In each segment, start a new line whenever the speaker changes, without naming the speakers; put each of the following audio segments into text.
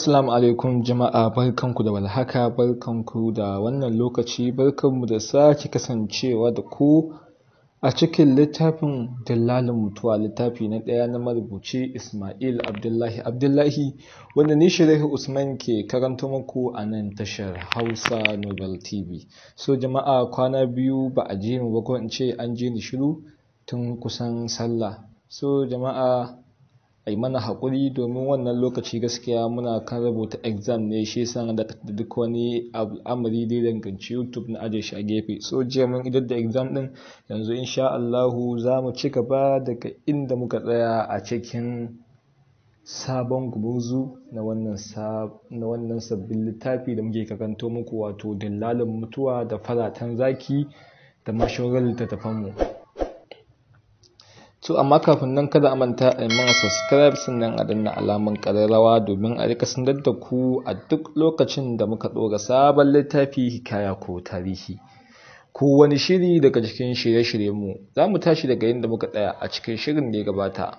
Assalamu alaikum jama'a barkanku da walhaka barkanku da wannan lokaci barkanmu da sake kasancewa da ku a cikin littafin dillalin mutuwa littafi na ɗaya na marubuci Ismail Abdullahi Abdullahi wanda ni Shirahi Usman ke karanta muku a nan tashar Hausa Novel TV. So jama'a kwana biyu ba a je mu ba ko in ce an je ni shiru tun kusan sallah. So jama'a ai mana haƙuri domin wannan lokaci gaskiya muna kan rubuta exam ne shi san da duk wani amri da danganci YouTube na aje shi a gefe so jiya mun idar da exam din yanzu insha Allahu za mu ci gaba daga inda muka tsaya a cikin sabon gumuzu na wannan sabbin littafi da muke karanto muku wato dillalin mutuwa da faratan zaki da mashauran littattafanmu. mu to amma kafin nan kada a manta a yi mana subscribe sannan a danna alamun ƙararrawa domin a rika sanar da ku a duk lokacin da muka ɗora sabon littafi hikaya ko tarihi ko wani shiri daga cikin shirye-shiryen mu za mu tashi daga yin da muka tsaya a cikin shirin da ya gabata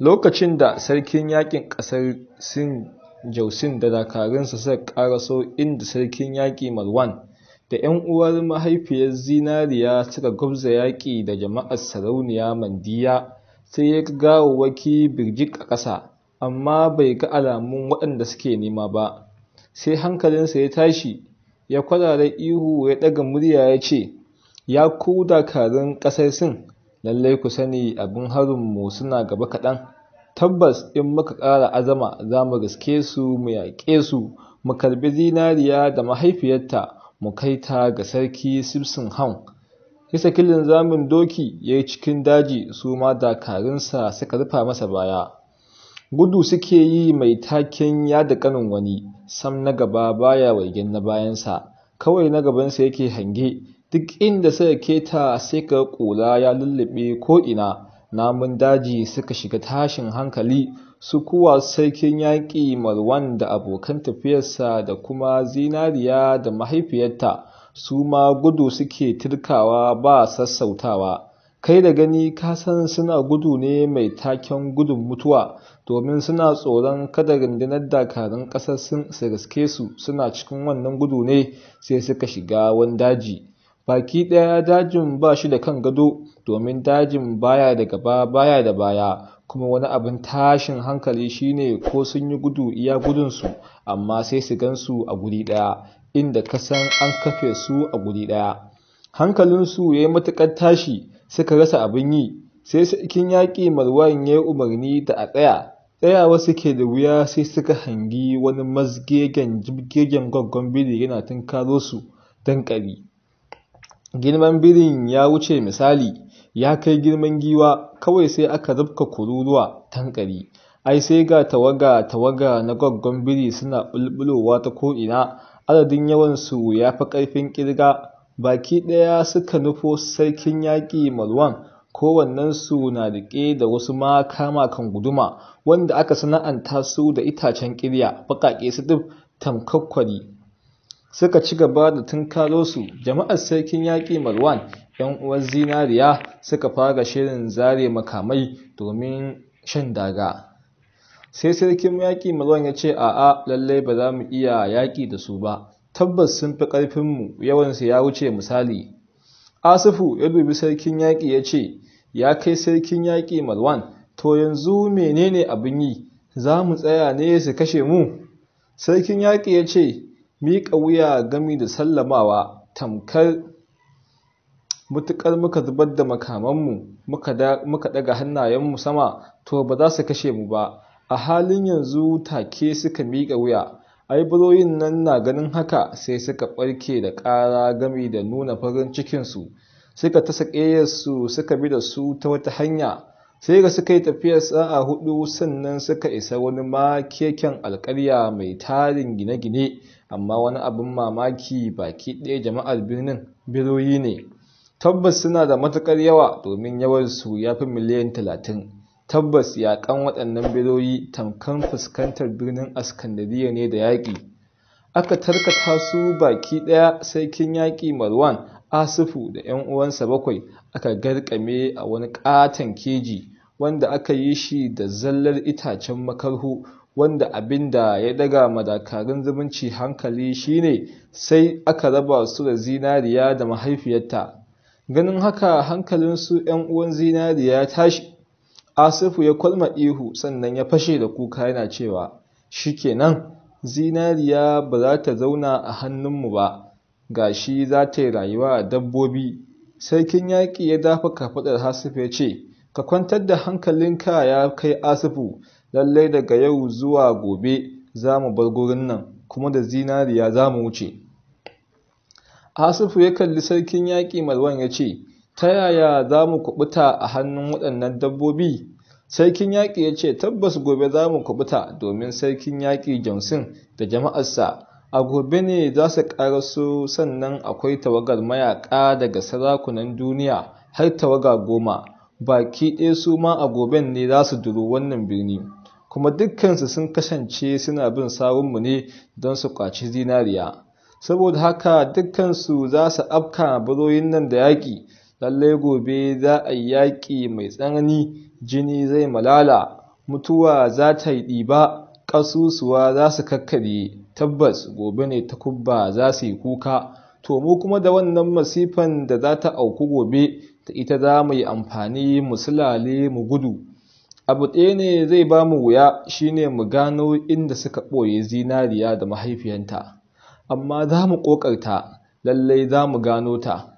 lokacin da sarkin yakin ƙasar sin jausin da dakarunsa suka ƙaraso inda sarkin yaƙi marwan da 'yan uwar mahaifiyar zinariya suka gwabza yaƙi da jama'ar sarauniya mandiya sai ya gawo waki birjik a ƙasa amma bai ga alamun waɗanda suke nema ba sai hankalinsa ya tashi ya kwarara ihu ya ɗaga murya ya ce ya ku dakarun ƙasar sin lallai ku sani abin harinmu suna gaba kaɗan tabbas in muka ƙara azama za mu riske su mu yaƙe su mu karɓi zinariya da mahaifiyarta mu kai ta ga sarki Simpson Hawn. Ya saki linzamin doki ya yi cikin daji su ma dakarunsa suka rufa masa baya. Gudu suke yi mai taken ya da kanin wani, sam na gaba baya waigen na bayansa, kawai na gabansa yake hange, duk inda suka keta sai ka ƙura ya lullube ko'ina, namun daji suka shiga tashin hankali su kuwa sarkin yaƙi marwan da abokan tafiyarsa da kuma zinariya da mahaifiyarta su ma gudu suke turkawa ba sassautawa kai da gani ka san suna gudu ne mai taken gudun mutuwa domin suna tsoron kada rundunar dakarun ƙasar sun riske su suna cikin wannan gudu ne sai suka shiga wani daji baki ɗaya dajin ba shi da kan gado domin dajin baya da gaba baya da baya kuma wani abin tashin hankali shine ko sun yi gudu iya gudunsu amma sai su gansu a guri ɗaya inda kasan an kafe su a guri ɗaya hankalinsu ya yi matuƙar tashi suka rasa abin yi sai sarkin yaƙi marwan ya yi umarni da a tsaya tsayawa suke da wuya sai suka hangi wani mazgegen jibgegen gwaggon biri yana tunkaro su don ƙari girman birin ya wuce misali ya kai girman giwa kawai sai aka zubka kururuwa tankari, ai sai ga tawaga tawaga na gaggon biri suna bulbulowa ta ko'ina adadin yawansu ya fi ƙarfin ƙirga baki ɗaya suka nufo sarkin yaƙi marwan kowannensu na riƙe da wasu makama kan guduma wanda aka sana'anta su da itacen ƙirya baƙaƙe su duk tamkakkwari suka ci gaba da tunkaro su jama'ar sarkin yaƙi marwan 'yan uwar zinariya suka fara shirin zare makamai domin shan daga sai sarkin yaƙi marwan ya ce a'a lallai ba za mu iya yaƙi da su ba tabbas sun fi ƙarfinmu yawansu ya wuce misali asifu ya dubi sarkin yaƙi ya ce ya kai sarkin yaƙi marwan to yanzu menene abin yi za mu tsaya ne su kashe mu sarkin yaƙi ya ce miƙa wuya gami da sallamawa tamkar mutuƙar muka zubar da makamanmu muka ɗaga hannayenmu sama to ba za su kashe mu ba a halin yanzu take suka miƙa wuya ai buroyin nan na ganin haka sai suka ɓarke da ƙara gami da nuna farin cikinsu suka ta saƙeyarsu suka bi da su ta wata hanya sai ga suka yi tafiyar sa'a hudu sannan suka isa wani makeken alkarya mai tarin gine-gine amma wani abin mamaki baki ɗaya jama'ar birnin biroyi ne tabbas suna da matuƙar yawa domin yawansu ya fi miliyan talatin tabbas yaƙan waɗannan biroyi tamkan fuskantar birnin askandariya ne da yaƙi aka tarkata su baki ɗaya sarkin yaƙi marwan asufu da 'yan uwansa bakwai aka garƙame a wani ƙaton keji wanda aka yi shi da zallar itacen makarhu wanda abin da ya daga madakarun zumunci hankali shine sai aka raba su da zinariya da mahaifiyarta ganin haka hankalinsu su ‘yan uwan zinariya ya tashi asifu ya kwalma ihu sannan ya fashe da kuka yana cewa shikenan zinariya ba za ta zauna a hannunmu ba ga shi za ta yi rayuwa a dabbobi sarkin yaƙi ya dafa kafaɗar hasifu ya ce ka kwantar da hankalinka ya kai asifu lallai daga yau zuwa gobe za mu bar gurin nan kuma da zinariya za mu wuce Asifu ya kalli sarkin yaƙi malwan ya ce, Ta yaya za mu kubuta a hannun waɗannan dabbobi? Sarkin yaƙi ya ce, Tabbas gobe za mu kubuta domin sarkin yaƙi jamsin da jama'arsa, a gobe ne za su ƙaraso sannan akwai tawagar mayaƙa daga sarakunan duniya har tawaga goma, baki ɗaya su ma a goben ne za su duru wannan birni. Kuma dukkansu sun kasance suna bin sawunmu ne don su kwaci zinariya. saboda haka dukkansu za su afka biroyin nan da yaƙi lallai gobe za a yi yaƙi mai tsanani jini zai malala mutuwa za ta yi ɗiba ƙasusuwa za su kakkarye tabbas gobe ne takubba za su yi kuka to mu kuma da wannan masifan da za ta auku gobe ta ita za mu yi amfani mu sulale mu gudu abu ɗaya ne zai ba mu wuya shine mu gano inda suka ɓoye zinariya da mahaifiyanta amma za mu ƙoƙarta lallai za mu gano ta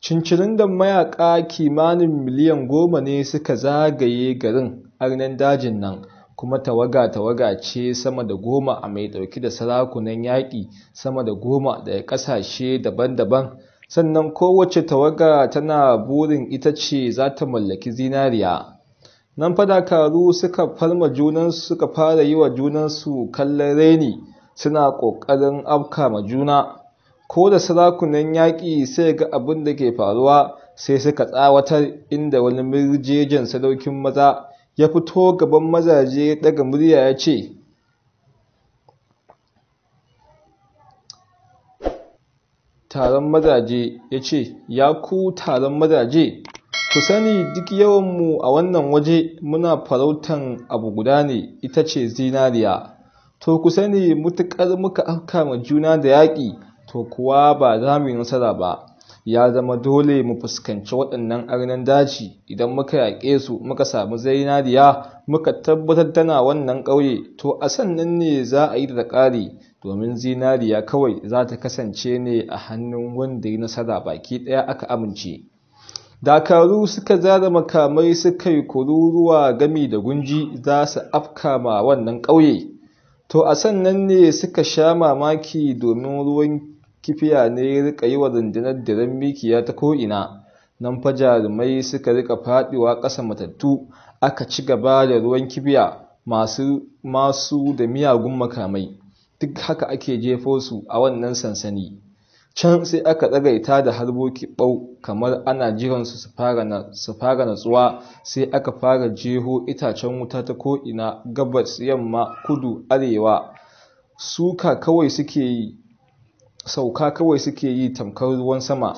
cincirin da mayaƙa kimanin miliyan goma ne suka zagaye garin arnan dajin nan kuma tawaga-tawaga ce sama da goma a mai ɗauki da sarakunan yaƙi sama da goma daga ƙasashe daban-daban sannan kowace tawaga tana burin ita ce za ta mallaki zinariya nan fa dakaru suka farma junansu suka fara yi wa junansu kallon reni suna ƙoƙarin afka ma juna ko da sarakunan yaƙi sai ga abin da ke faruwa sai suka tsawatar inda wani mirjejen sadaukin maza ya fito gaban mazaje daga murya ya ce taron mazaje ya ce ya ku taron mazaje Ku sani duk yawanmu a wannan waje muna farautan abu guda ne ita ce zinariya, to ku sani mutuƙar muka afka ma juna da yaƙi to kuwa ba za mu yi nasara ba, ya zama dole mu fuskanci waɗannan arnan daji idan muka yaƙe su muka samu zinariya muka tabbatar tana wannan ƙauye to a sannan ne za a yi da ƙari domin zinariya kawai za ta kasance ne a hannun wanda ya nasara baki ɗaya aka amince. dakaru suka zara makamai suka yi kururuwa gami da gunji za su afka ma wannan ƙauye to a sannan ne suka sha mamaki domin ruwan kifiya ne rika yi wa rundunar diren mikiya ta ko'ina nan fa jarumai suka rika faɗiwa ƙasa matattu aka ci gaba da ruwan kifiya masu masu da miyagun makamai duk haka ake jefo su a wannan sansani can sai aka tsagaita da harboki bau kamar ana jiransu su fara natsuwa sai aka fara jeho itacen wuta ta ko'ina gabas yamma kudu arewa suka kawai suke yi sauka kawai suke yi tamkar ruwan sama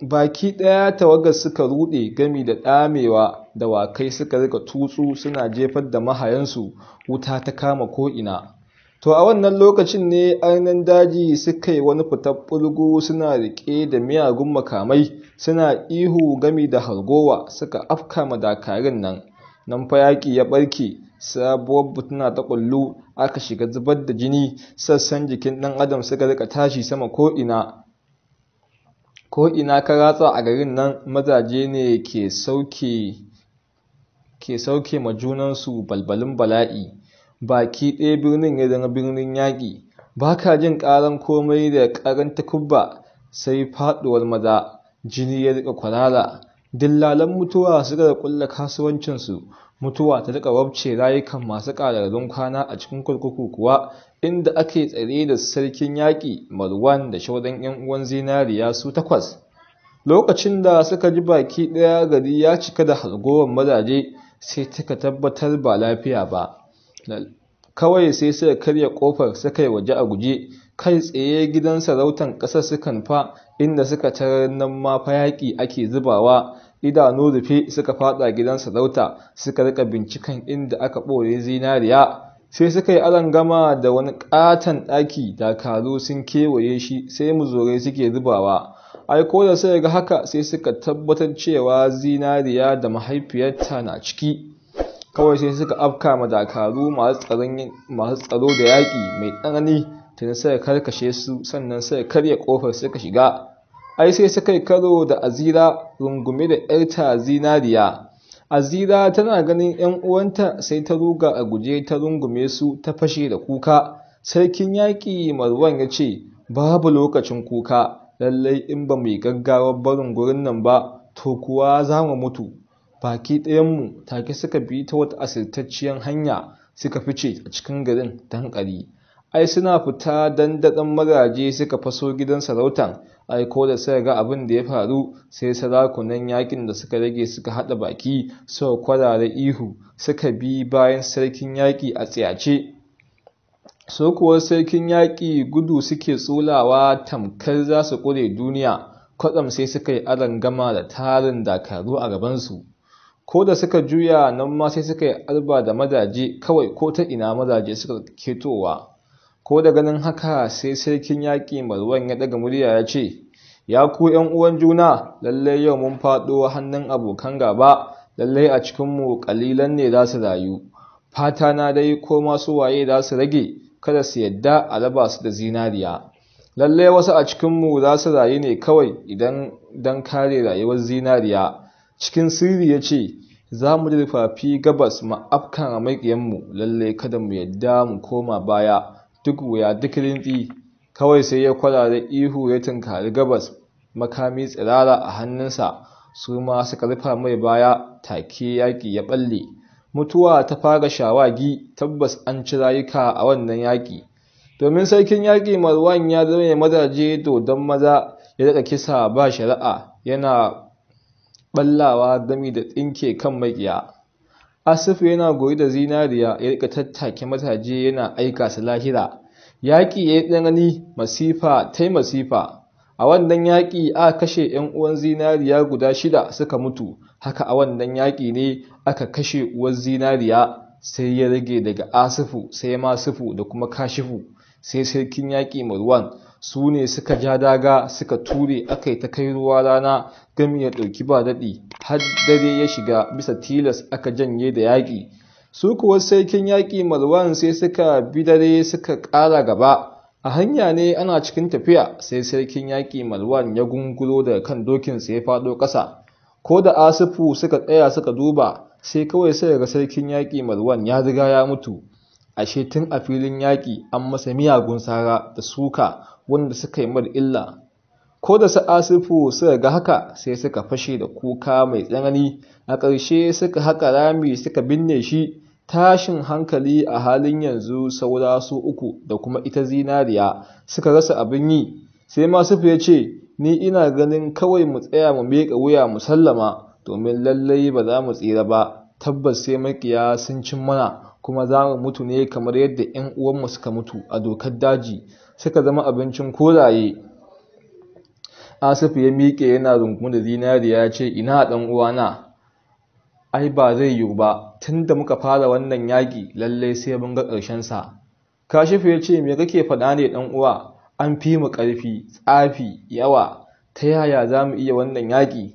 baki ɗaya tawagar suka ruɗe gami da ɗamewa dawakai suka rika tutsu suna jefar da mahayansu wuta ta kama ko'ina To a wannan lokacin ne arnan daji suka yi wani fitar bulgu suna riƙe da miyagun makamai suna ihu gami da hargowa suka afka ma dakarun nan. Nan fa yaƙi ya ɓarke sabuwar butuna ta ƙullu aka shiga zubar da jini sassan jikin ɗan adam suka rika tashi sama ko'ina. Ko'ina ka ratsa a garin nan mazaje ne ke sauke ma junansu balbalin bala'i. baki ɗaya birnin ya zama birnin yaƙi ba ka jin ƙaran komai da ƙaran takubba sai faɗuwar maza jini ya riƙa kwarara dillalan mutuwa suka da ƙulla kasuwancinsu mutuwa ta riƙa wabce rayukan masu ƙararrun kwana a cikin kurkuku kuwa inda ake tsare da sarkin yaƙi marwan da shauran 'yan uwan zinariya su takwas lokacin da suka ji baki ɗaya gari ya cika da hargowar mazaje sai suka tabbatar ba lafiya ba kawai sai suka karya kofar suka yi waje a guje kai tsaye gidan sarautan ƙasa sukan fa inda suka tarar nan ma fa yaƙi ake zubawa idanu rufe suka fada gidan sarauta suka rika binciken inda aka ɓoye zinariya sai suka yi arangama da wani ƙaton ɗaki dakaru sun kewaye shi sai muzorai suke zubawa Ai ko da sai ga haka sai suka tabbatar cewa zinariya da mahaifiyarta na ciki kawai sai suka afka ma dakaru masu tsaro da yaƙi mai tsanani tuni sai ya karkashe su sannan sai ya karya ƙofar suka shiga ai sai suka yi karo da azira rungume da yarta zinariya azira tana ganin yan uwanta sai ta ruga a guje ta rungume su ta fashe da kuka sarkin yaƙi marwan ya ce babu lokacin kuka lallai in ba mu yi gaggawar barin gurin nan ba to kuwa za mu mutu baki ɗayanmu take suka bi ta wata asirtacciyar hanya suka fice a cikin garin ta hankali ai suna fita daɗin magaje suka faso gidan sarautan aiko da sai ga abin da ya faru sai sarakunan yakin da suka rage suka haɗa baki suka kwarara ihu suka bi bayan sarkin yaƙi a tsayace so sarkin yaƙi gudu suke tsulawa tamkar za su ƙure duniya kwatsam sai suka yi gama da tarin dakaru a gabansu ko da suka juya nan ma sai suka yi alba da mazaje kawai ko ta ina mazaje suka ketowa ko da ganin haka sai sarkin yaƙi marwan ya daga murya ya ce ya ku ‘yan uwan juna lallai yau mun faɗo hannun abokan gaba lallai a cikinmu ƙalilan ne za su rayu fata na dai ko masu waye za su rage kada su yadda a raba su da zinariya lallai wasu a cikinmu za su rayu ne kawai idan dan kare rayuwar zinariya cikin sirri ya ce za mu rufafi gabas ma'afkan a maƙiyanmu lallai kada mu yadda mu koma baya duk wuya duk rintsi kawai sai ya kwarara ihu ya tunkari gabas makami tsirara a hannunsa su ma suka rufa mai baya take yaƙi ya ɓalle mutuwa ta fara shawagi tabbas an ci rayuka a wannan yaƙi domin sarkin yaƙi marwan ya zama mazaje dodon maza ya daga kisa ba shari'a yana ɓallawa gami da tsinke kan maƙiya asifu yana goyi da zinariya ya rika tattake mataje yana aika su lahira yaƙi ya yi tsanani masifa ta yi masifa a wannan yaƙi a kashe 'yan uwan zinariya guda shida suka mutu haka a wannan yaƙi ne aka kashe uwar zinariya sai ya rage daga asifu sai masifu da kuma kashifu sai sarkin yaƙi marwan su ne suka ja daga suka ture aka yi ta kai ruwa rana gami ya ɗauki ba daɗi har dare ya shiga bisa tilas aka janye da yaƙi su kuwa sarkin yaƙi marwan sai suka bi dare suka ƙara gaba a hanya ne ana cikin tafiya sai sarkin yaƙi marwan ya gunguro daga kan dokinsa ya faɗo ƙasa ko da asifu suka tsaya suka duba sai kawai sai ga sarkin yaƙi marwan ya riga ya mutu ashe tun a filin yaƙi an masa miyagun sara da suka wanda suka yi mar illa ko da su asifu suka ga haka sai suka fashe da kuka mai tsanani a ƙarshe suka haƙa rami suka binne shi tashin hankali a halin yanzu saura su uku da kuma ita zinariya suka rasa abin yi sai masu fiye ce ni ina ganin kawai mu tsaya mu miƙa wuya mu sallama domin lallai ba za mu tsira ba tabbas sai makiya sun cin mana kuma za mu mutu ne kamar yadda 'yan uwanmu suka mutu a dokar daji suka zama abincin koraye Asif ya miƙe yana rungume da zinariya ya ce ina ɗan uwana ai ba zai yiwu ba tun da muka fara wannan yaƙi lallai sai mun ga ƙarshensa kashifu ya ce me kake faɗa ne ɗan uwa an fi mu ƙarfi tsafi yawa ta yaya za mu iya wannan yaƙi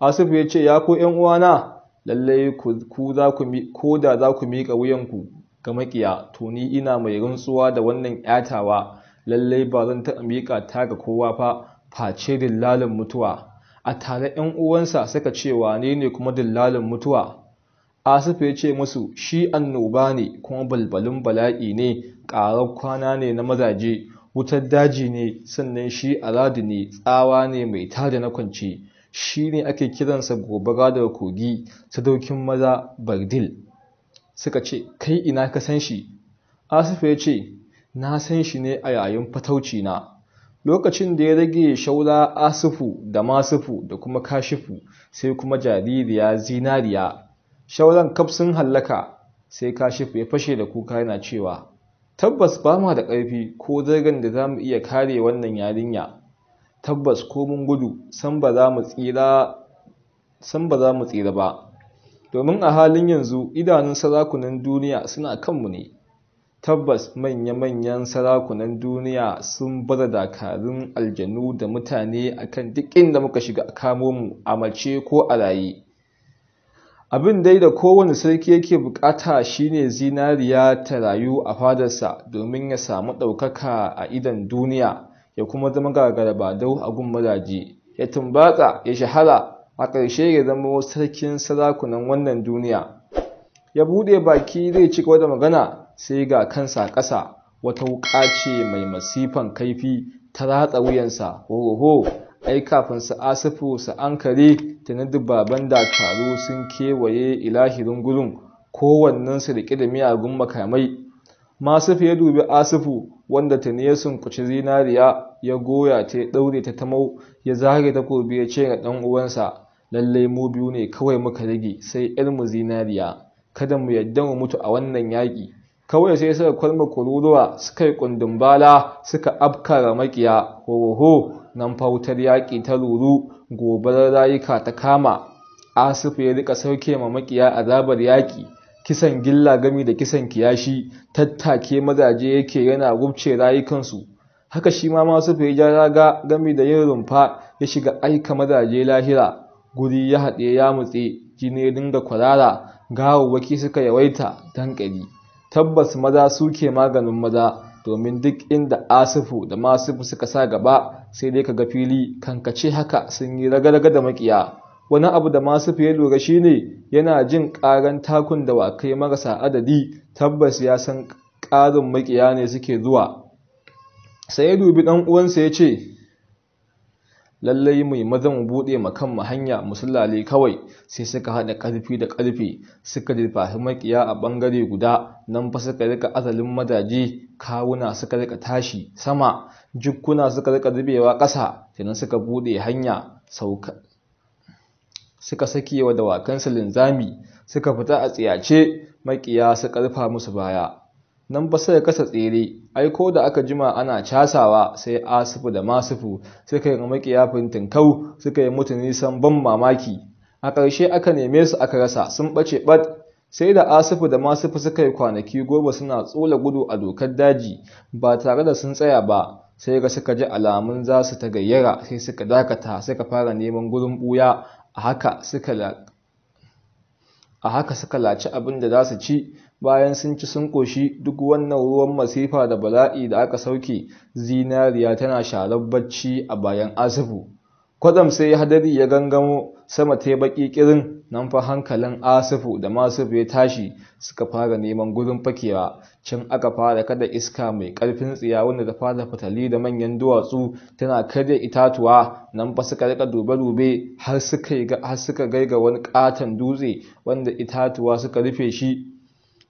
Asif ya ce ya ko 'yan uwana lallai ku za ku ko da za ku miƙa wuyanku ga maƙiya to ni ina mai rantsuwa da wannan 'yatawa. lallai ba zan taɓa miƙa ta ga kowa fa face dillalin mutuwa a tare ƴan uwansa suka ce wane ne kuma dillalin mutuwa asifu ya ce musu shi annoba ne kuma balbalin bala'i ne ƙarar kwana ne na mazaje wutar daji ne sannan shi aladi ne tsawa ne mai tada na kwanci shi ne ake kiransa gobara daga kogi sadaukin maza bardil suka ce kai ina ka san shi asifu ya ce na san shi ne a yayin fatauci na lokacin da ya rage shaura asifu da masifu da kuma kashifu sai kuma jaririya zinariya shauran kaf sun hallaka sai kashifu ya fashe da kuka yana cewa tabbas ba ma da ƙarfi ko zargin da za mu iya kare wannan yarinya tabbas ko mun gudu san ba za mu tsira ba domin a halin yanzu idanun sarakunan duniya suna kanmu ne tabbas manya-manyan sarakunan duniya sun bada dakarun aljanu da mutane akan duk inda muka shiga kamo mu a mace ko a raye abin dai da kowane sarki yake bukata shine zinariya ta rayu a fadarsa domin ya samu ɗaukaka a idan duniya ya kuma zama gagarabadau a gun madaji ya tumbatsa ya shahara a ƙarshe ya zama sarkin sarakunan wannan duniya ya buɗe baki zai ci gaba da magana sai ga kansa ƙasa wata wuƙa ce mai masifan kaifi ta ratsa wuyansa hoho ai kafin su asifu su ankare na dubaban dakaru sun kewaye ilahirin gurin kowannensu riƙe da miyagun makamai Masif ya dubi Asifu wanda tuni sun sunkuci zinariya ya goya ta ya ɗaure ta ta mau, ya ta takobi ya ce ga ɗan uwansa lallai mu biyu ne kawai muka rage sai mu zinariya kada mu yadda mu mutu a wannan yaƙi kawai sai suka kwalma kururuwa suka yi bala, suka afkara makiya hoho nan fautar yaƙi ta ruru gobarar rayuka ta kama asifu ya rika sauke ma makiya azabar yaƙi kisan gilla gami da kisan kiyashi tattake mazaje yake yana gubce rayukansu haka shi ma masu ja raga gami da yin rumfa ya shiga aika mazaje lahira guri ya haɗe ya mutse jini ya dinga kwarara gawawwaki suka yawaita ƙari tabbas maza suke maganin maza domin duk inda asifu da masifu suka sa gaba sai dai ka ga fili kankace haka sun yi ragaraga da makiya wani abu da masu fiye lura shine yana jin ƙaran takun da wakai marasa adadi tabbas ya san ƙarin makiya ne suke zuwa sai ya dubi ɗan uwansa ya ce lallai mai maza mu buɗe ma kanmu hanya musulale kawai sai suka haɗa ƙarfi da ƙarfi suka dirfafi makiya a ɓangare guda nan fa suka rika azalin madaji kawuna suka rika tashi sama jukkuna suka rika zubewa ƙasa sannan suka buɗe hanya suka sake wa dawakansu linzami suka fita a tsiyace makiya su karfa musu baya nan ba sai kasa tsere aiko da aka jima ana casawa sai asufu da masufu suka yi makiya fintinkau suka yi mutu nisan ban mamaki a ƙarshe aka neme su aka rasa sun ɓace ɓat sai da asufu da masufu suka yi kwanaki goma suna tsola gudu a dokar daji ba tare da sun tsaya ba sai ga suka ji alamun za su ta gayyara sai suka dakata suka fara neman gurin buya a haka suka laci abin da za su ci bayan sun ci sun ƙoshi duk wannan ruwan masifa da bala'i da aka sauke zinariya tana sharar bacci a bayan asibu. kwadam sai ya hadari ya gangamo sama ta baki kirin nan fa hankalin asifu da masufu ya tashi suka fara neman gurin fakewa can aka fara kada iska mai karfin tsiya wanda ta fara fitali da manyan duwatsu tana karya itatuwa nan fa suka rika dube-dube har suka gaiga wani katon dutse wanda itatuwa suka rufe shi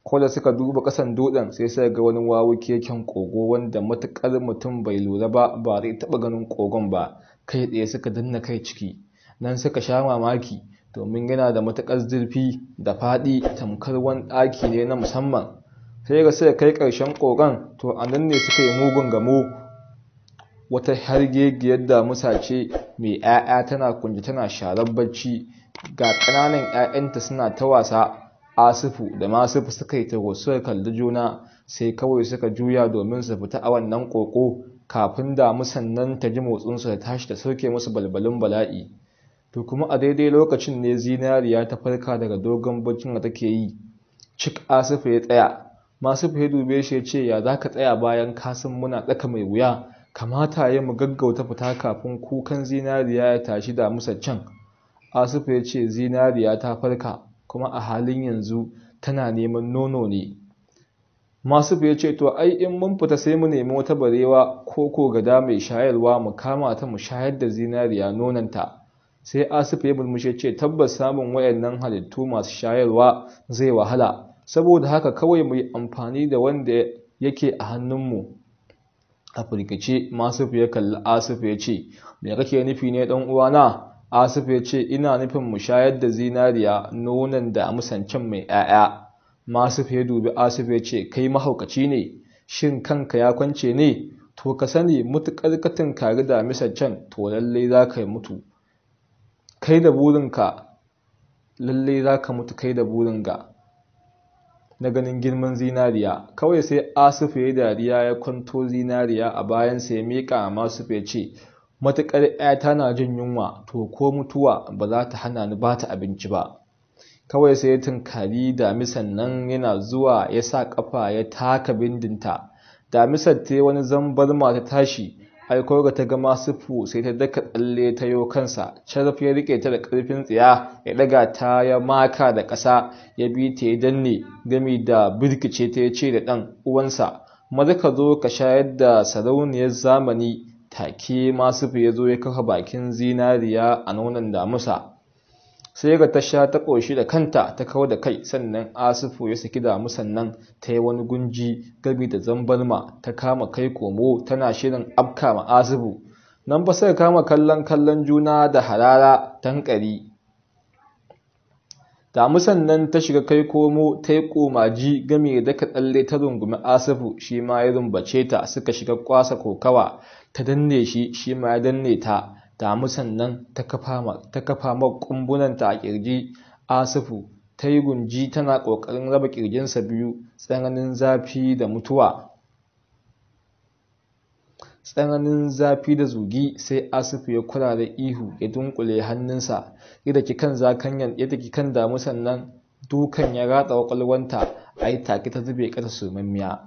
ko da suka duba kasan dutsen sai sai ga wani wawu keken kogo wanda matukar mutum bai lura ba ba zai taba ganin kogon ba kai tsaye suka danna kai ciki nan suka sha mamaki domin yana da matuƙar zurfi da faɗi tamkar wani ɗaki ne na musamman sai ga suka kai ƙarshen kogan, to a nan ne suka yi mugun gamo wata hargegiyar damusa ce mai 'ya'ya tana kunji tana sharar bacci ga ƙananan 'ya'yanta suna ta wasa asifu da masufu suka yi taho suka kalli juna sai kawai suka juya domin su fita a wannan ƙoƙo kafin damu sannan ta ji motsinsu da tashi da sauke musu balbalin bala'i to kuma a daidai lokacin ne zinariya ta farka daga dogon baccin da take yi cik Asif ya tsaya masu ya dube shi ya ce ya za ka tsaya bayan kasan muna tsaka mai wuya kamata ya mu gaggauta fita kafin kukan zinariya ya tashi da musa can Asif ya ce zinariya ta farka kuma a halin yanzu tana neman nono ne masu fiye ce to ai in mun fita sai mu nemi wata barewa ko ko gada mai shayarwa mu kama ta mu shayar da zinariya nonanta sai asif ya mulmushe ce tabbas samun wayannan halittu masu shayarwa zai wahala saboda haka kawai mu yi amfani da wanda yake a hannunmu a firgice masu fiye kalli asif ya ce me kake nufi ne dan uwana asif ya ce ina nufin mu shayar da zinariya nonan da musancin mai 'ya'ya masif ya dubi asif ya ce kai mahaukaci ne shin kanka ya kwance ne to ka sani mutuƙar ka kari da misar can to lallai za ka mutu kai da burinka lallai za ka mutu kai da burinka na ganin girman zinariya kawai sai asif ya yi dariya ya kwanto zinariya a bayansa ya miƙa masu ya ce matuƙar 'ya tana jin yunwa to ko mutuwa ba za ta hana ni ba ta abinci ba kawai sai ya tunkari damisan nan yana zuwa ya sa ƙafa ya taka bindinta damisar ta wani zambar mata tashi aiko ga ta gama sufu sai ta daka tsalle ta yo kansa sharaf ya rike ta da karfin tsiya ya daga ta ya maka da ƙasa ya bi ta ya danne gami da birkice ta ya ce da ɗan uwansa maza ka zo ka shayar da sarauniyar zamani take masu sufu ya zo ya kafa bakin zinariya a nonon damusa sai ga ta sha ta ƙoshi da kanta ta kawo da kai sannan asifu ya saki damu sannan ta yi wani gunji gabi da zambalma ta kama kai komo tana shirin afka ma asifu nan ba sai kama kallon kallon juna da harara tankari damu sannan ta shiga kai komo ta yi komaji gami da ka tsalle ta rungumi asifu shi ma ya rumbace ta suka shiga kwasa kokawa ta danne shi shi ma ya danne ta damu nan ta kafa ma ƙumbunanta a ƙirji asifu ta yi gunji tana ƙoƙarin raba ƙirjinsa biyu tsananin zafi da mutuwa tsananin zafi da zugi sai asifu ya kula da ihu ya dunkule hannunsa ya ki kan zakanyan ya daki kan damu sannan dukan ya ratsa kwakwalwanta a yi take ta zube ƙasa sumammiya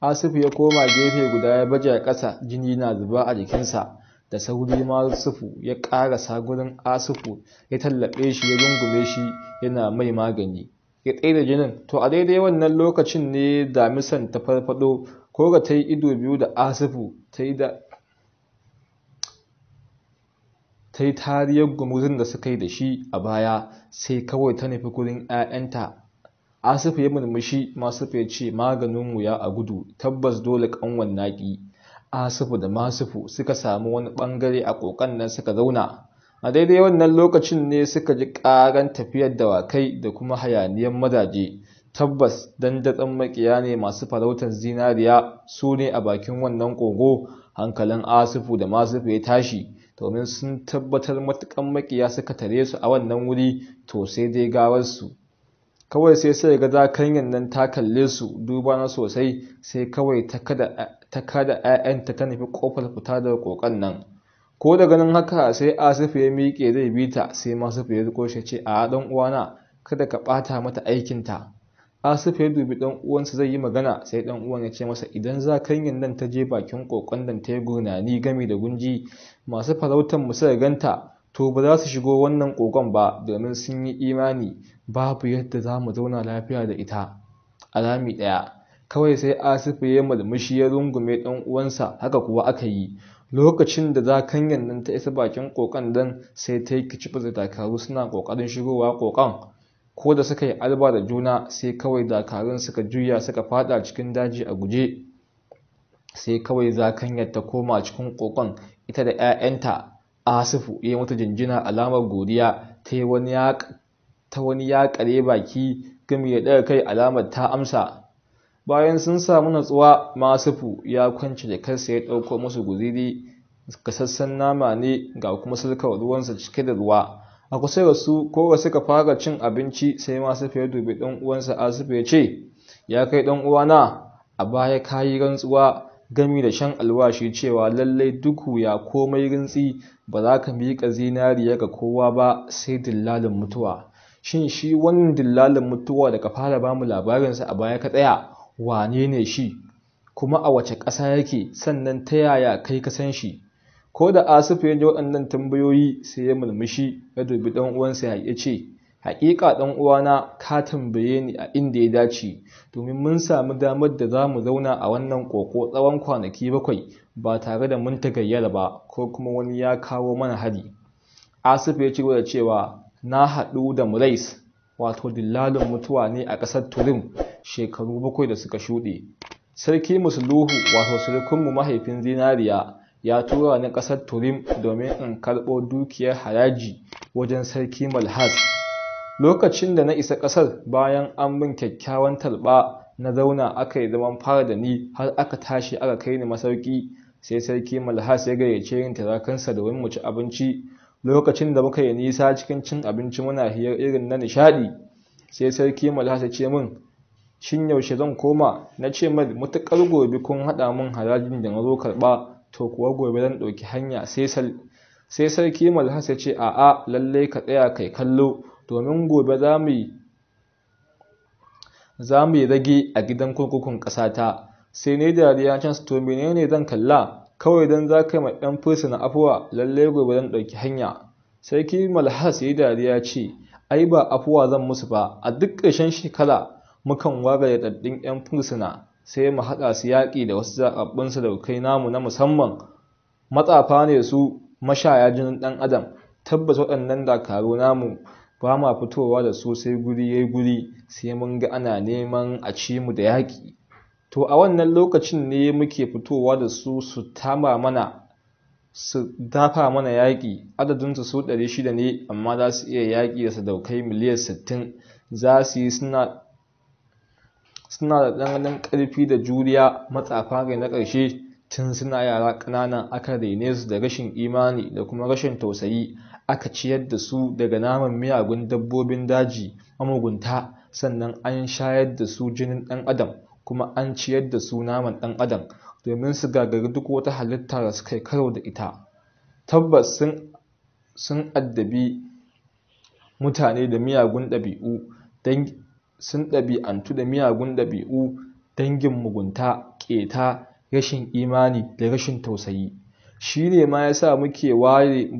asifu ya koma gefe guda ya baje ƙasa jini na zuba a jikinsa da sauri sufu ya ƙarasa gurin asufu ya tallabe shi ya rungume shi yana mai magani ya tsaye jinin to a daidai wannan lokacin ne damisan ta farfado Ko kora ta yi ido biyu da asufu ta yi tariyar gumurin da suka yi da shi a baya sai kawai ta nufi gurin 'ya'yanta asufu ya murmushi masu ya ce maganinmu ya a gudu tabbas dole ƙanwan naƙi asifu da masifu suka samu wani ɓangare a ƙoƙan nan suka zauna a daidai wannan lokacin ne suka ji ƙaran tafiyar dawakai da kuma hayaniyan mazaje tabbas dandatsan makiya ne masu farautar zinariya su ne a bakin wannan kogo hankalin asifu da masifu ya tashi domin sun tabbatar matukan makiya suka tare su a wannan wuri to sai dai gawarsu kawai sai sai ga kanyan nan ta kalle su duba na sosai sai kawai ta kada ta kada 'ya'yanta ta nufi ƙofar fita daga ƙoƙon nan ko da ganin haka sai asifu ya miƙe zai bi ta sai masifu ya da shi ce a ɗan uwana kada ka ɓata mata aikinta asifu ya dubi ɗan uwansa zai yi magana sai ɗan uwan ya ce masa idan za yin nan ta je bakin ƙoƙon nan ta yi gurnani gami da gunji masu farautar mu suka ganta to ba za su shigo wannan ƙoƙon ba domin sun yi imani babu yadda za mu zauna lafiya da ita alami ɗaya kawai sai asifu ya murmushi ya rungume ɗan uwansa haka kuwa aka yi lokacin da za zakanyar nan ta isa bakin kokan dan sai ta yi kici dakaru suna kokarin shigowa kokan ko da suka yi alba da juna sai kawai dakarun suka juya suka fada cikin daji a guje sai kawai za zakanyar ta koma cikin kokon ita da 'ya'yanta asifu ya mata jinjina alamar godiya ta wani ya kare baki gami da daga kai alamar ta amsa bayan sun samu natsuwa masufu ya kwanci da kansa ya ɗauko musu guziri kasassan nama ne ga kuma sulkar ruwansa cike da ruwa a kusa da su ko kowa suka fara cin abinci sai masufu ya dubi ɗan uwansa asufu ya ce ya kai ɗan uwana a baya ka yi rantsuwa gami da shan alwashi cewa lallai duk ya komai rintsi ba za ka miƙa zinariya ga kowa ba sai dillalin mutuwa shin shi wannan dillalin mutuwa da ka fara bamu labarinsa a baya ka tsaya wane ne shi kuma a wace ƙasa yake sannan ta yaya kai ka san shi ko da asifu ya ji waɗannan tambayoyi sai ya mulmushi ya dubi ɗan uwansa ya ce haƙiƙa ɗan uwana ka tambaye ni a inda ya dace domin mun sami damar da za mu zauna a wannan ƙoƙo tsawon kwanaki bakwai ba tare da mun tagayyar ba ko kuma wani ya kawo mana hari Asif ya ci da cewa na haɗu da murais wato dillalin mutuwa ne a ƙasar turin shekaru bakwai da suka shuɗe sarki musuluhu wato surukunmu mahaifin zinariya ya tura ni ƙasar turim domin in karɓo dukiyar haraji wajen sarki malhas lokacin da na isa ƙasar bayan an bin kyakkyawan talba na zauna aka yi zaman fara da ni har aka tashi aka kai ni masauki sai sarki malhas ya gayyace yin tarakansa domin mu ci abinci lokacin da muka yi nisa cikin cin abinci muna hiyar irin na nishaɗi sai sarki malhas ya ce min shin yaushe zan koma na ce mai matuƙar gobe kun haɗa min harajin da na zo karɓa to kuwa gobe zan ɗauki hanya sai sarki malhas ya ce a'a lalle ka tsaya kai kallo domin gobe za mu yi rage a gidan kurkukun ƙasata sai ne dariya can to ne zan kalla kawai don za ka yi ɗan fursuna afuwa lalle gobe zan ɗauki hanya sarki malhas ya yi dariya ce ai ba afuwa zan musu ba a duk ƙarshen shekara mukan ware daddin 'yan fursuna sai mu haɗa su yaƙi da wasu zaɓaɓɓun sadaukai namu na musamman matsafa ne su mashaya jinin ɗan adam tabbas waɗannan dakaru namu ba ma fitowa da su sai guri ya guri sai mun ga ana neman a ci mu da yaƙi to a wannan lokacin ne muke fitowa da su su tama mana su dafa mana yaƙi adadinsu su 600 ne amma za su iya yaƙi da sadaukai miliyan sittin, za su yi suna suna da ɗanɗanon ƙarfi da juriya matsafa rai na ƙarshe tun suna yara ƙananan aka rene su da rashin imani da kuma rashin tausayi aka ciyar da su daga naman miyagun dabbobin daji mamugunta sannan an shayar da su jinin ɗan adam kuma an ciyar da su naman ɗan adam domin su gagari duk wata halitta da suka yi karo da ita tabbas sun addabi mutane da miyagun ɗabi'u sun ɗabi'antu da miyagun ɗabi'u dangin mugunta ƙeta rashin imani da rashin tausayi shi ne ma ya sa muke ware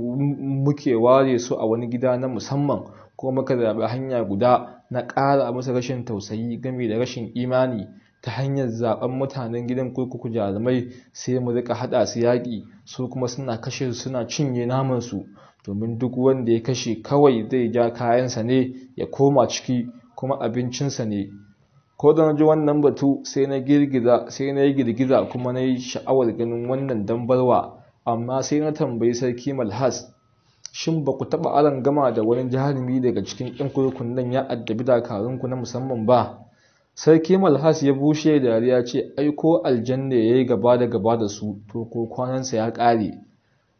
su a wani gida na musamman ko muka zaɓi hanya guda na ƙara masa rashin tausayi game da rashin imani ta hanyar zaɓen mutanen gidan kurkuku jarumai sai mu rika haɗa su yaƙi su kuma suna kashe suna cinye namansu domin duk wanda ya kashe kawai zai ja kayansa ne ya koma ciki kuma abincinsa ne ko da na ji wannan batu sai na girgiza sai na girgiza kuma na yi sha'awar ganin wannan dambarwa amma sai na tambayi sarki malhas shin ba ku taɓa aron gama da wani jarumi daga cikin ɗin kurkun nan ya addabi ku na musamman ba sarki malhas ya bushe dariya ce aiko aljanna ya yi gaba da gaba da su to ko kwanansa ya ƙare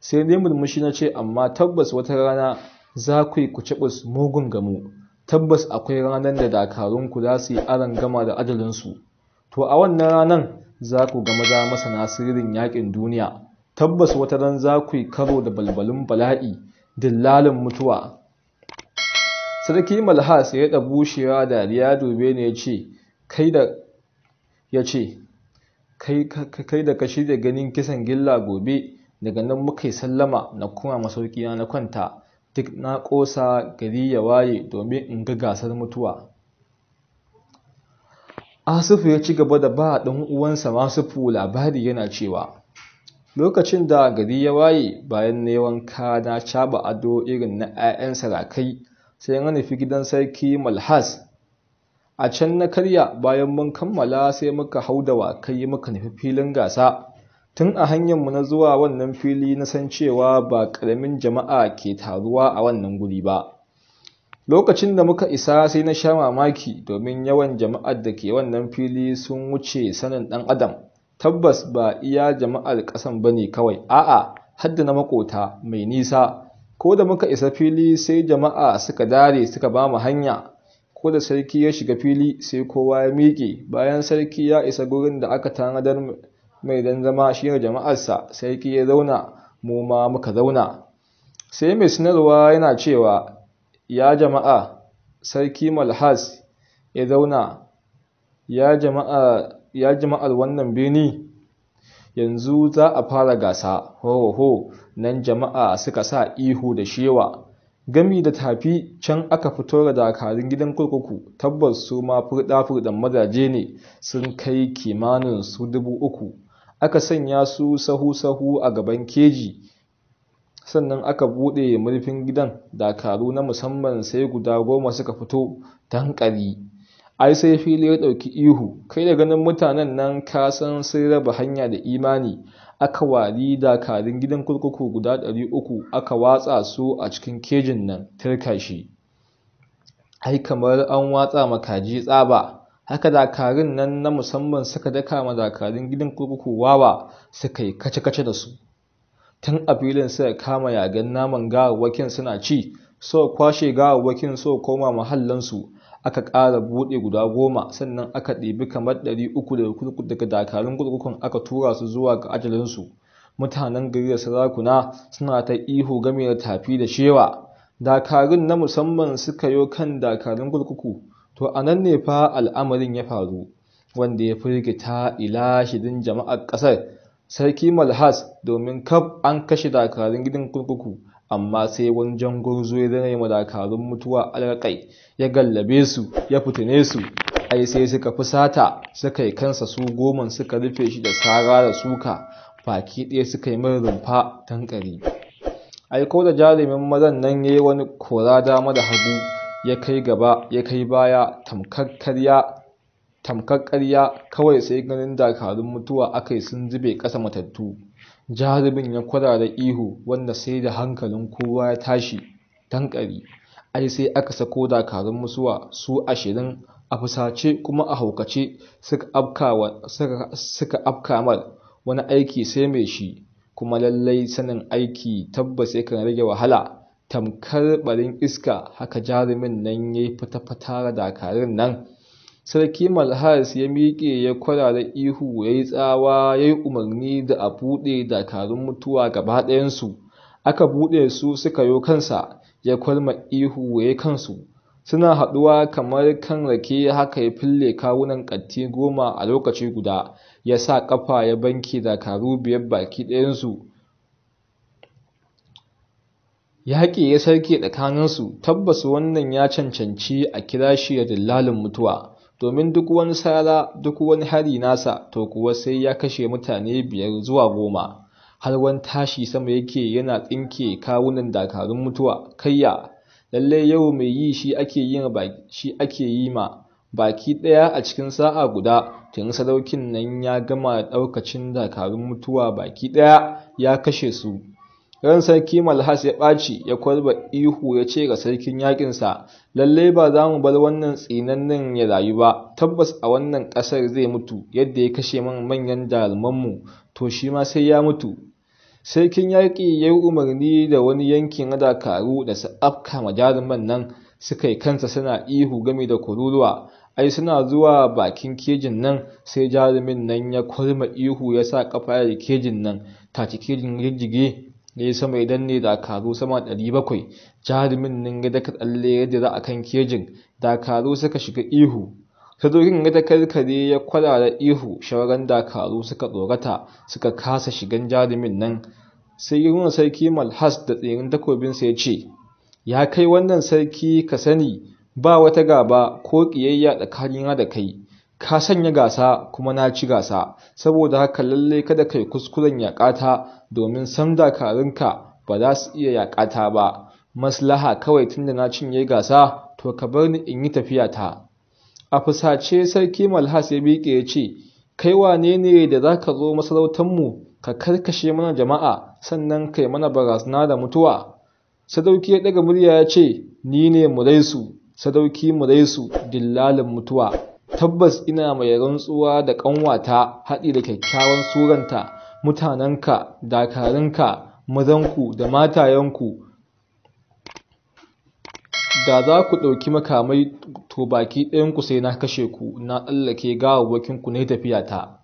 sai dai murmushi na ce amma tabbas wata rana za ku yi ku mugun gamu tabbas akwai ranar da dakarunku za su yi aron gama da ajalinsu to a wannan ranar za ku ga maza masana sirrin yakin duniya tabbas wata ran za ku yi karo da balbalin bala'i dillalin mutuwa sarki malhas ya da bushewa dariya dube ne ya ce kai da ya ce kai da ka shirya ganin kisan gilla gobe daga nan muka yi sallama na kuma masauki na kwanta duk na ƙosa gari ya waye domin in ga gasar mutuwa asufu ya ci gaba da ba ɗan uwansa masufu labari yana cewa lokacin da gari ya waye bayan neman wanka na caba ado irin na 'ya'yan sarakai sai na nufi gidan sarki malhas a can na karya bayan mun kammala sai muka hau da kai muka nufi filin gasa tun a hanyarmu na zuwa wannan fili na san cewa ba ƙaramin jama'a ke taruwa a wannan guri ba lokacin da muka isa sai na sha mamaki domin yawan jama'ar da ke wannan fili sun wuce sanin ɗan adam tabbas ba iya jama'ar ƙasan ba ne kawai a'a hadda na makota mai nisa ko da muka isa fili sai jama'a suka dare suka ba mu hanya ko da sarki ya shiga fili sai kowa ya miƙe bayan sarki ya isa gurin da aka tanadar mai dan zama shi ne jama'arsa sai ki ya zauna mu ma muka zauna sai mai sanarwa yana cewa ya jama'a sarki malhas ya zauna ya jama'a ya jama'ar wannan bini. yanzu za a fara gasa ho nan jama'a suka sa ihu da shewa gami da tafi can aka fito da dakarun gidan kurkuku tabbas su ma furda-furdan mazaje ne sun kai kimanin su dubu uku aka sanya su sahu-sahu a gaban keji sannan aka buɗe murfin gidan dakaru na musamman sai guda goma suka fito ta hankali ai sai fili ya ɗauki ihu kai da ganin mutanen nan ka san sai raba hanya da imani aka wari dakarun gidan kurkuku guda ɗari uku aka watsa su a cikin kejin nan tirka shi ai kamar an watsa makaji tsaba haka dakarun nan na musamman suka daka ma dakarun gidan kurkuku wawa suka yi kace-kace da su tun a filin suka kama yagan naman gawawwakin suna ci so kwashe gawawwakin so koma mahallansu aka ƙara buɗe guda goma sannan aka ɗibi kamar ɗari uku daga dakarun kurkukun aka tura su zuwa ga ajalinsu mutanen gari da sarakuna suna ta ihu game da tafi da shewa dakarun na musamman suka yo kan dakarun kurkuku to a nan ne fa al'amarin ya faru wanda ya firgita ilashidin jama'ar ƙasar sarki malhas domin kaf an kashe dakarun gidan kurkuku amma sai wani jangurzo ya zane ma dakarun mutuwa alraƙai ya gallabe su ya fitine su ai sai suka fi sata, suka yi kansa su goman suka rufe shi da sara da suka baki ɗaya suka yi min rumfa tankari aiko da jarumin mazan nan ya wani kora dama da hagu ya kai gaba ya kai baya tamkar karya kawai sai ganin dakarun mutuwa aka yi sun zube ƙasa matattu jarumin ya kwarara ihu wanda sai da hankalin kowa ya tashi dankari ai sai aka sako dakarun mutuwa su ashirin a fusace kuma a haukace suka afka mar wani aiki sai mai shi kuma lallai sanin aiki tabbas yakan rage wahala tamkar barin iska haka jarumin nan ya yi fata-fata dakarun nan sarki Malhas ya miƙe ya kwarara ihu ya yi tsawa ya yi umarni da a buɗe dakarun mutuwa gaba ɗayansu aka buɗe su suka yo kansa ya kwarma ihu ya yi kansu suna haɗuwa kamar kan rake haka ya fille kawunan ƙatti goma a lokaci guda ya sa ƙafa ya banke dakaru biyar baki ɗayansu yaƙi ya sarki tsakaninsu tabbas wannan ya cancanci a kira shi ya dillalin mutuwa domin duk wani sara duk wani hari nasa to kuwa sai ya kashe mutane biyar zuwa goma har wani tashi sama yake yana tsinke kawunan dakarun mutuwa kayya lallai yau mai yi shi ake yi ma baki ɗaya a cikin sa'a guda tun sadaukin nan ya gama ɗaukacin dakarun mutuwa baki ɗaya ya kashe su ran sarki malhas ya ɓaci ya kwalba ihu ya ce ga sarkin yaƙinsa lallai ba za mu bar wannan tsinannen ya rayu ba tabbas a wannan ƙasar zai mutu yadda ya kashe man manyan jarumanmu to shi ma sai ya mutu sarkin yaƙi ya yi umarni da wani yankin na dakaru da su afka ma jaruman nan suka yi kansa suna ihu game da kururuwa ai suna zuwa bakin kejin nan sai jarumin nan ya kwalba ihu ya sa kafa ya kejin nan taci kejin rigige Nesa mai sama idan ne dakaru sama 700 jarumin nan ga daka tsalle ya dira a kan kejin dakaru suka shiga ihu sadokin ya kare ya kwarara ihu shawaran dakaru suka tsorata suka kasa shigan jarumin nan sai yi sarki malhas da tsirin takobinsa ya ce ya kai wannan sarki ka sani ba wata gaba ko ƙiyayya tsakanina da kai ka sanya gasa kuma na ci gasa saboda haka lallai kada kai kuskuren yaƙata domin san dakarunka ba za su iya yaƙata ba maslaha kawai tunda na cinye gasa to ka bar ni in yi tafiya ta. a fusace sarki malhas ya miƙe ya ce kai wane ne da za ka zo mu ka karkashe mana jama'a sannan kai mana barazana da mutuwa sadauki ya ɗaga murya ya ce ni ne mu raisu sadauki mu raisu dillalin mutuwa tabbas ina mai rantsuwa da ƙanwata haɗi da kyakkyawan suranta mutanenka dakarunka mazanku da matayenku da za ku ɗauki makamai to baki ɗayanku sai na kashe ku na tsallake gawawwakinku na tafiya ta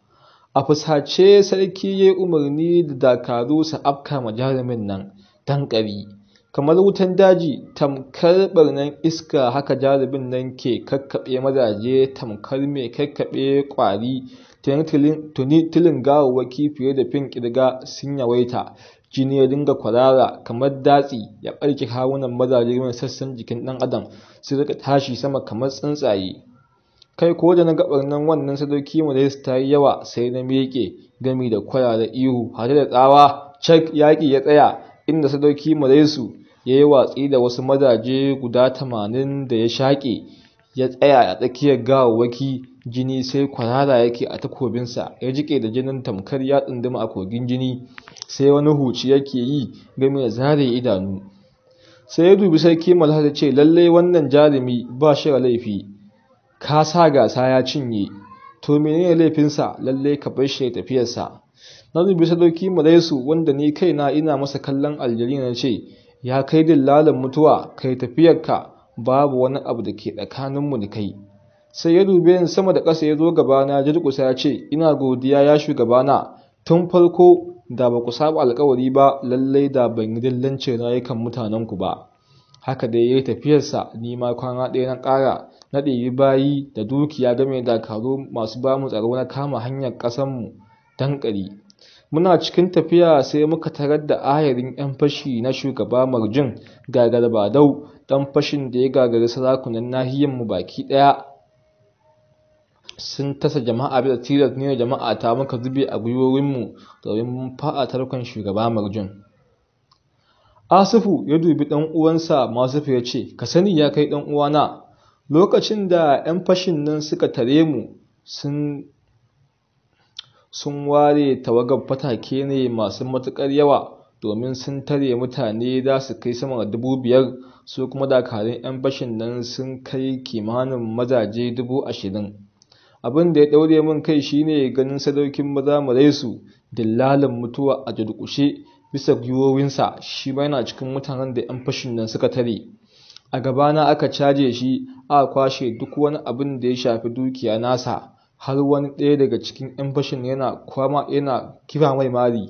a fusace sarki ya umarni da dakaru su afka ma jarumin nan dan ƙari kamar wutan daji tamkar barnan iska haka jarabin nan ke kakkaɓe mazaje tamkar mai kakkaɓe ƙwari tuni tilin fiye da fin ƙirga sun yawaita jini ya dinga kwarara kamar datsi ya ɓarke hawunan mazaje mai sassan jikin ɗan adam su rika tashi sama kamar tsuntsaye kai ko da na ga nan wannan sadauki mu ta yi yawa sai na miƙe gami da da ihu hade da tsawa cak yaƙi ya tsaya inda sadauki Maraisu ya yi watsi da wasu mazaje guda tamanin da ya shaƙe ya tsaya a tsakiyar gawawwaki jini sai kwarara yake a takobinsa ya jike da jinin tamkar ya tsunduma a kogin jini sai wani huci yake yi game da zare idanu sai ya dubi sarki malhar ya ce lallai wannan jarumi ba shi da laifi ka sa gasa ya cinye to menene laifinsa lallai ka bar shi tafiyarsa na dubi sadauki malaisu wanda ni kaina ina masa kallon aljiri na ce ya kai dillalin mutuwa kai tafiyarka babu wani abu da ke tsakaninmu da kai sai ya dube ni sama da ƙasa ya zo gabana ya jirkusa ya ce ina godiya ya shugabana tun farko da ba ku saba alkawari ba lallai da ban yi dillancin rayukan mutanenku ba haka dai ya yi tafiyarsa ni ma kwana ɗaya na ƙara na ɗebi bayi da dukiya game da dakaru masu bamu tsaro na kama hanyar ƙasanmu dankali Muna cikin tafiya sai muka tarar da ayarin 'yan fashi na Shugaba Marjin Gagarbadau, ɗan fashin da ya gagari sarakunan mu baki ɗaya. Sun tasa jama'a bisa tilas ne jama'a ta muka zube a mu domin mun fa'a tarkon Shugaba Marjin. Asifu ya dubi ɗan uwansa masu fiye ce, Ka sani ya kai ɗan uwana, lokacin da 'yan fashin nan suka tare mu sun sun ware tawagar fatake ne masu matuƙar yawa domin sun tare mutane za su kai sama da dubu biyar su kuma dakarun 'yan bashin nan sun kai kimanin mazaje dubu ashirin abin da ya ɗaure min kai shine ganin sadaukin maza su, dillalin mutuwa a durƙushe bisa gwiwowinsa shi ma yana cikin mutanen da 'yan fashin nan suka tare a gabana aka caje shi aka kwashe duk wani abin da ya shafi dukiya nasa har wani ɗaya daga cikin 'yan fashin yana kwama yana kifa mai mari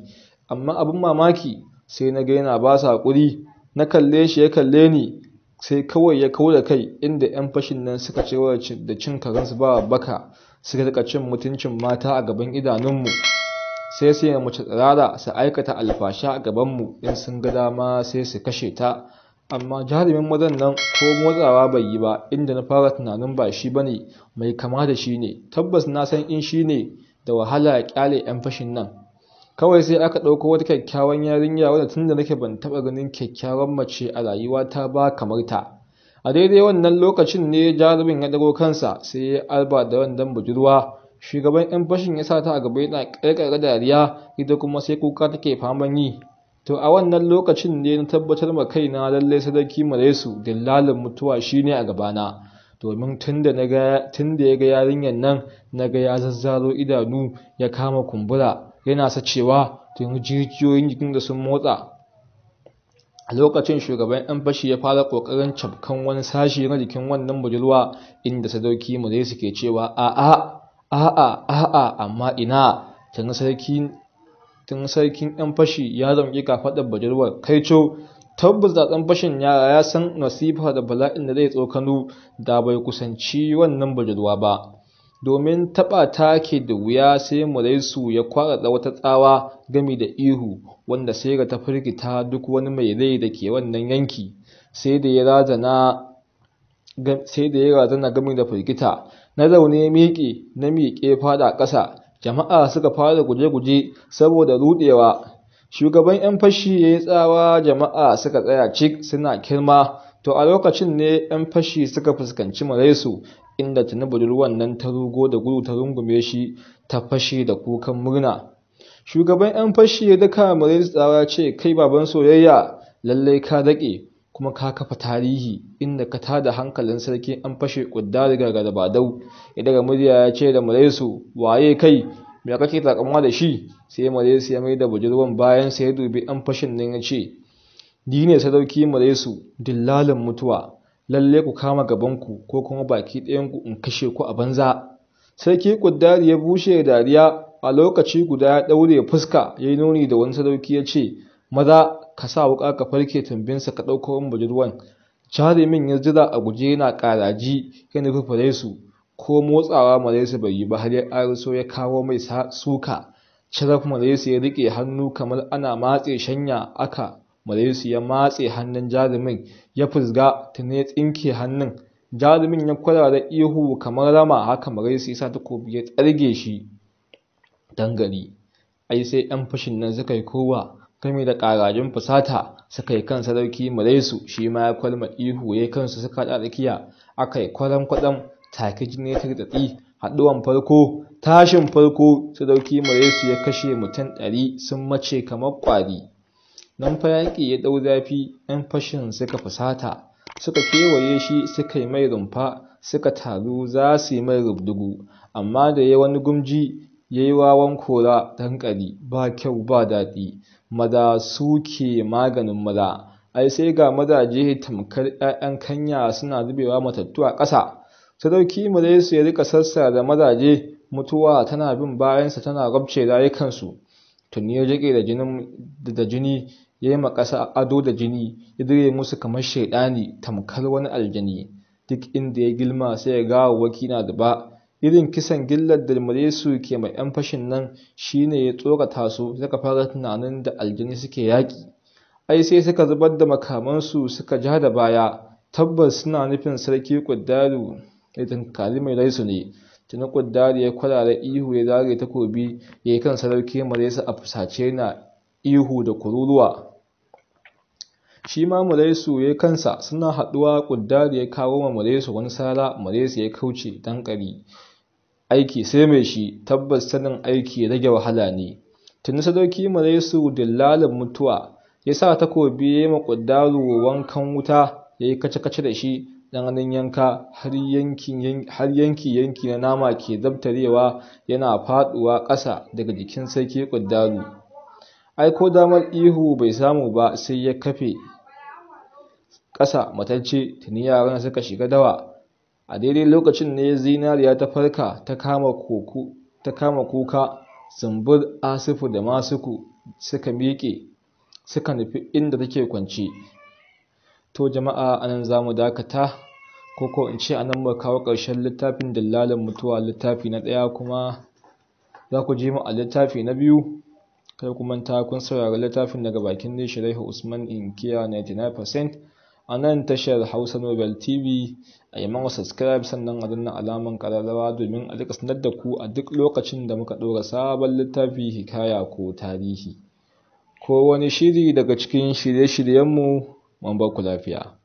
amma abin mamaki sai na ga yana ba su haƙuri na kalle shi ya kalle ni sai kawai ya kau da kai inda 'yan fashin nan suka ce da cin karensu ba baka suka rika cin mutuncin mata a gaban idanunmu sai sai mace tsirara su aikata alfasha a gabanmu in sun ga dama sai su kashe ta amma jarumin mazan nan ko motsawa bai yi ba inda na fara tunanin ba shi bane mai kama da shi ne tabbas na san in shi ne da wahala ya kyale 'yan fashin nan kawai sai aka ɗauko wata kyakkyawan yarinya wadda tun da nake ban taɓa ganin kyakkyawan mace a rayuwa ta ba kamar ta a daidai wannan lokacin ne jarumin ya ɗago kansa sai ya alba da wandan budurwa shugaban 'yan fashin ya sa ta a gaba yana ƙarƙar dariya ita kuma sai kuka take faman yi to a wannan lokacin ne na tabbatar ma kaina lalle sadaki su dillalin mutuwa shine a gabana domin tunda da ya ga yarinyar nan na ga ya zazzaro idanu ya kama kumbura yana sacewa tun jijiyoyin jikin da sun motsa a lokacin shugaban yan fashi ya fara kokarin cafkan wani sashi na jikin wannan budurwa inda sadauki maresu ke cewa a'a a'a a'a amma ina tana sarki tun sarkin 'yan fashi ya zamki kafaɗar bajarwar, kai co tabbas da ɗan fashin yara ya san nasifa da bala'in da zai tsokano da bai kusanci wannan bajarwa ba domin taɓa ta ke da wuya sai muraisu ya kwaratsa wata tsawa gami da ihu wanda sai ga ta firgita duk wani mai rai da ke wannan yanki sai da ya razana gami da firgita na zaune miƙe na miƙe fada ƙasa jama'a suka fara guje-guje saboda rudewa shugaban 'yan fashi ya yi tsawa jama'a suka tsaya cik suna kirma to a lokacin ne 'yan fashi suka fuskanci maraisu inda tuni budurwan nan ta rugo da gudu ta rungume shi ta fashe da kukan murna shugaban 'yan fashi ya daka maraisu tsawa ce kai baban soyayya lallai ka daƙe kuma ka kafa tarihi inda ka tada hankalin sarki an fashe kudda daga garbadau ya daga murya ya ce da muresu waye kai me kake takama da shi sai muresu ya mai da bujurwan bayan sai ya dubi an fashin nan ya ce dine sadauki muresu dillalin mutuwa lalle ku kama gaban ku ko kuma baki ɗayan in kashe ku a banza sarki kuddari ya bushe dariya a lokaci guda ya daure fuska ya nuni da wani sadauki ya ce maza ka sa wuƙa ka farke tumbinsa ka ɗauko in budurwan jarumin ya jira a guje yana ƙaraji ya nufi su ko motsawa maraisu bai yi ba har ya arso ya kawo mai suka ciraf maraisu ya riƙe hannu kamar ana matse shanya aka Maraisu ya matse hannun jarumin ya fusga tuni ya tsinke hannun jarumin ya kwara da ihu kamar rama haka maraisu ya sa takobi ya tsarge shi dangare ai sai 'yan fashin nan suka yi kowa kami da ƙarajin fusata suka yi kan sadauki malaisu shi ma ya kwalma ihu ya kansu suka da tsakiya aka yi kwaran kwaɗam take jini ta tsatsi haɗuwan farko tashin farko sadauki malaisu ya kashe mutum ɗari sun mace kamar ƙwari nan fa ya ɗau zafi ‘yan fashin suka fusata suka kewaye shi suka yi mai rumfa suka taru za su yi mai rubdugu amma da ya wani gumji ya yi wawan kora dankali ba kyau ba daɗi maza su ke maganin mura ai sai ga mazaje tamkar 'ya'yan kanya suna zubewa matattu a ƙasa sadauki mure su ya rika sassa da mazaje mutuwa tana bin bayansa tana gabce rayukansu tuni ya jiƙe da jini ya yi ƙasa, ado da jini ya dire musu kamar shaidani tamkar wani aljani duk inda ya gilma sai ya gawo waki na da ba irin kisan gillar da su ke mai 'yan fashin nan shine ya tsorata su suka fara tunanin da aljini suke yaƙi ai sai suka zubar da makamansu suka ja da baya tabbas suna nufin sarki kuddaru ya tunkari mai raisu ne tuni kuddaru ya kwarara ihu ya zare takobi ya yi kan sarauki maraisu a fusace na ihu da kururuwa shi ma maraisu ya kansa suna haɗuwa kuddari ya kawo ma maraisu wani sara maraisu ya kauce dan kari aiki sai mai shi tabbas sanin aiki ya rage wahala ne tuni sadauki maraisu dillalin mutuwa ya sa takobi ya yi maƙudaru wankan wuta ya yi kace-kace da shi ɗanganin yanka har yanki-yanki na nama ke zabtarewa yana faɗuwa ƙasa daga jikin sarki ƙudaru aiko damar ihu bai samu ba sai ya kafe ƙasa matacce tuni yaran suka shiga dawa a daidai lokacin ne zinariya ta farka ta kama kuka zumbur asifu da masuku suka miƙe suka nufi inda take kwanci to jama'a anan za mu dakata ko ko in ce anan mu kawo ƙarshen littafin dillalin mutuwa littafi na ɗaya kuma za ku ji mu a littafi na biyu kai kuma ta kun saurari littafin daga bakin ne shirai usman inkiya 99% a nan tashar hausa nobel tv a yi mawa subscribe sannan a danna alaman kararrawa domin a duka sanar da ku a duk lokacin da muka ɗora sabon littafi hikaya ko tarihi ko wani shiri daga cikin shirye-shiryenmu mun bar ku lafiya